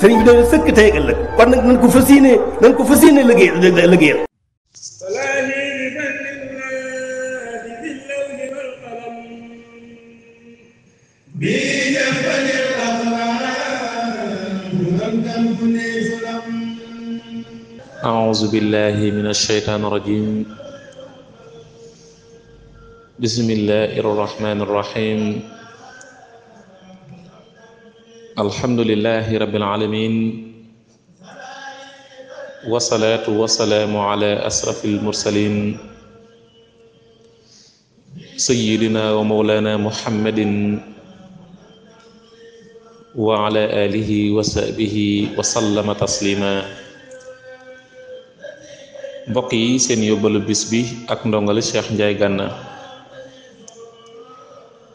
sëriñ bi dana sëkk tey ëllëg kon nag nañ ko fas yéene nañ ko fas yéene liggéeyal liggéeyal أعوذ بالله من الشيطان الرجيم بسم الله الرحمن الرحيم alhamdulilahi rabbil alamin wasalaatu wasalaamu ala asrafil mursalin wa mawlana muhammadin wa ala alihi wa taslima mbokk yi seen yóbbalu bis bi ak ndongali Cheikh Ndiaye Gana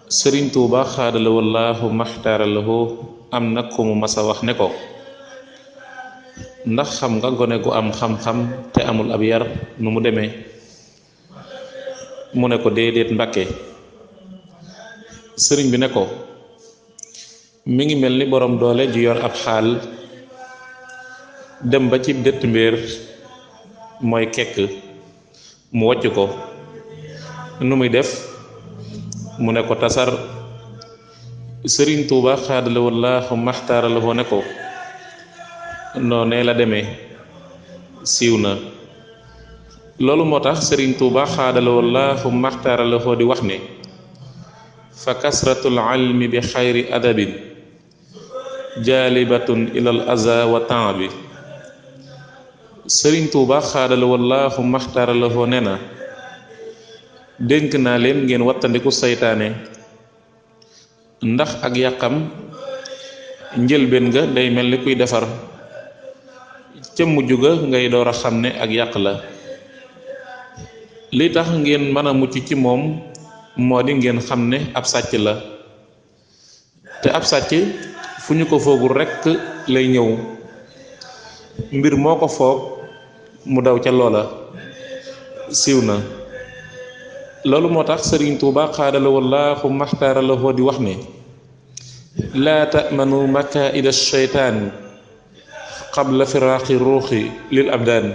Sëriñ Tuuba xaadala wallaahu maxtaaralahoo am na ku mu masa wax ne ko ndax xam nga gone gu am xam-xam te amul ab yar nu mu demee mu ne ko déedéet mbakke sëriñ bi ne ko mu ngi mel ni boroom doole ju yor ab xaal dem ba ci dëtt mbir mooy kekk mu wocc ko nu muy def mu ne ko tasar sëriñ tuuba xaadala wallaahu maxtaara la ko ne ko noonee la demee siiw na loolu moo tax sëriñ tuuba xaadala wallaahu maxtaara la di wax ne fa kasratul almi bi xayri adabin jaalibatun ilal aza bi sëriñ tuuba xaadala wallaahu maxtaara la ko na dénk naa leen ngeen wattandiku seytaane ndax ak yàqam njëlbéen ga day mel ni kuy defar ca mujj ga ngay door a xam ne ak yàq la li tax ngeen mën a mucc ci moom moo di ngeen xam ne ab sàcc la te ab sàcc fu ñu ko foogul rekk lay ñëw mbir moo ko foog mu daw ca loola siiw na loolu moo tax sëriñ Tuubaa xaadala wallaahu maxtaara la di wax ne laa tamanu makaida sheytaan qabla firaaqi ruuxi lil abdaan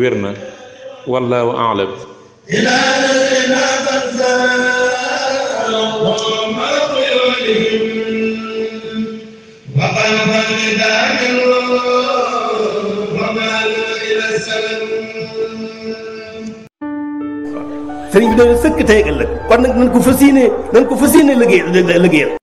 wér na wallaahu a'lam sëriñ bi dana sëkk tey ëllëg kon nag nañ ko fas yéene nañ ko fas yéene liggéey liggéeyal